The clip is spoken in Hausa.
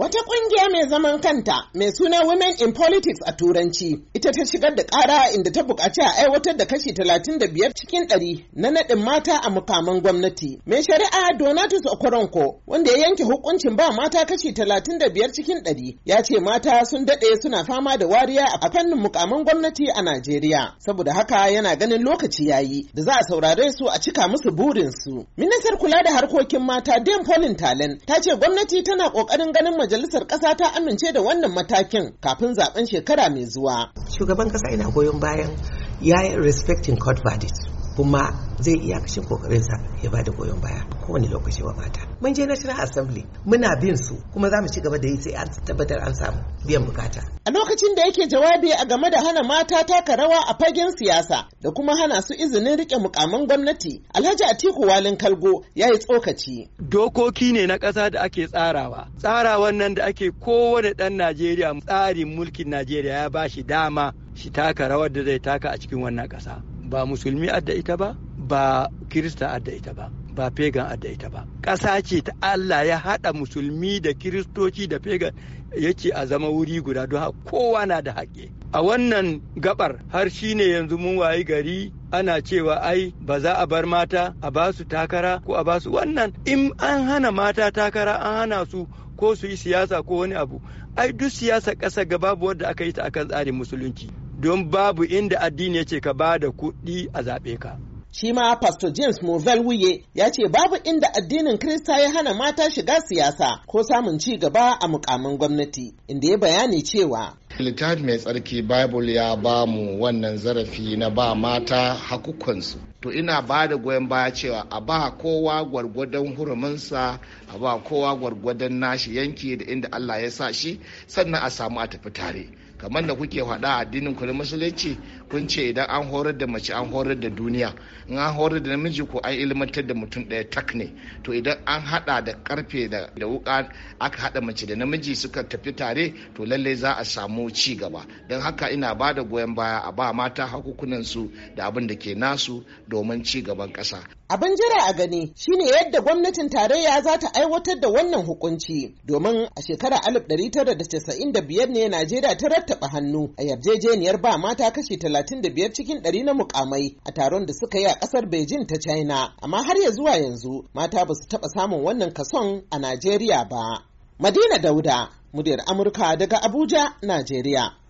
Wata ƙungiya mai zaman kanta mai suna Women in Politics a Turanci ita ta shigar da ƙara inda ta buƙaci a aiwatar da kashi 35 cikin 100 na naɗin mata a mukaman gwamnati. Mai shari'a Donatus Okoronko wanda ya yanke hukuncin ba mata kashi 35 cikin 100 ya ce mata sun daɗe suna fama da wariya a fannin mukaman gwamnati a Najeriya. Saboda haka yana ganin lokaci ya yi, da za a saurare su a cika musu burinsu. Ministar kula da harkokin mata Dan Paulin Talen ta ce gwamnati tana ƙoƙarin ganin majalisar ƙasa ta amince da wannan matakin kafin zaben shekara mai zuwa. Shugaban ƙasa ina goyon bayan yayin yi respecting court verdict. kuma zai iya kashin sa ya ba da goyon baya kowane lokaci wa mata mun je national assembly muna bin su kuma za mu ci gaba da yi sai an tabbatar an samu biyan bukata a lokacin da yake jawabi a game da hana mata taka rawa a fagen siyasa da kuma hana su izinin rike mukaman gwamnati alhaji atiku walin kalgo ya yi tsokaci dokoki ne na ƙasa da ake tsarawa tsarawan nan da ake kowane ɗan najeriya tsarin mulkin najeriya ya ba shi dama shi taka rawar da zai taka a cikin wannan ƙasa ba musulmi adda ita ba ba kirista adda ita ba ba pagan adda ita ba ƙasa ce ta Allah ya haɗa musulmi da kiristoci da pagan ce a zama wuri guda don kowa na da haƙe a wannan gabar har shi ne yanzu mun wayi gari ana cewa ai ba za a bar mata a ba su takara ko a ba su wannan in an hana mata takara an hana su ko su yi siyasa ko wani abu ai duk siyasa ƙasa gaba babu wadda aka yi ta akan tsarin musulunci don babu inda addini ya ce ka ba da kuɗi a zaɓe ka. Shi ma Pastor James Movell Wuye ya ce babu inda addinin Kirista ya hana mata shiga siyasa ko samun ci gaba a mukamin gwamnati, inda ya bayani cewa littafi mai tsarki bible ya ba mu wannan zarafi na ba mata hakukansu to ina ba da goyon baya cewa a ba kowa gwargwadon huruminsa a ba kowa gwargwadon nashi yanki da inda allah ya sa shi sannan a samu a tafi tare kamar da kuke faɗa addinin ku na musulunci kun ce idan an horar da mace an horar da duniya in an horar da namiji ko an ilmantar da mutum ɗaya tak ne to idan an haɗa da karfe da wuka aka haɗa mace da namiji suka tafi tare to lallai za a samu ci gaba don haka ina ba da goyon baya a ba mata hakukunan su da abin da ke nasu domin ci gaban ƙasa. Abin jira a gani shine yadda gwamnatin tarayya za ta aiwatar da wannan hukunci domin a shekarar 1995 ne Najeriya ta rattaba hannu a yarjejeniyar ba mata kashi 30 35 cikin 100 na mukamai a taron da suka yi a kasar Beijing ta China, amma har ya zuwa yanzu mata ba su taɓa samun wannan kason a Najeriya ba. Madina Dauda, muryar Amurka daga Abuja, Najeriya.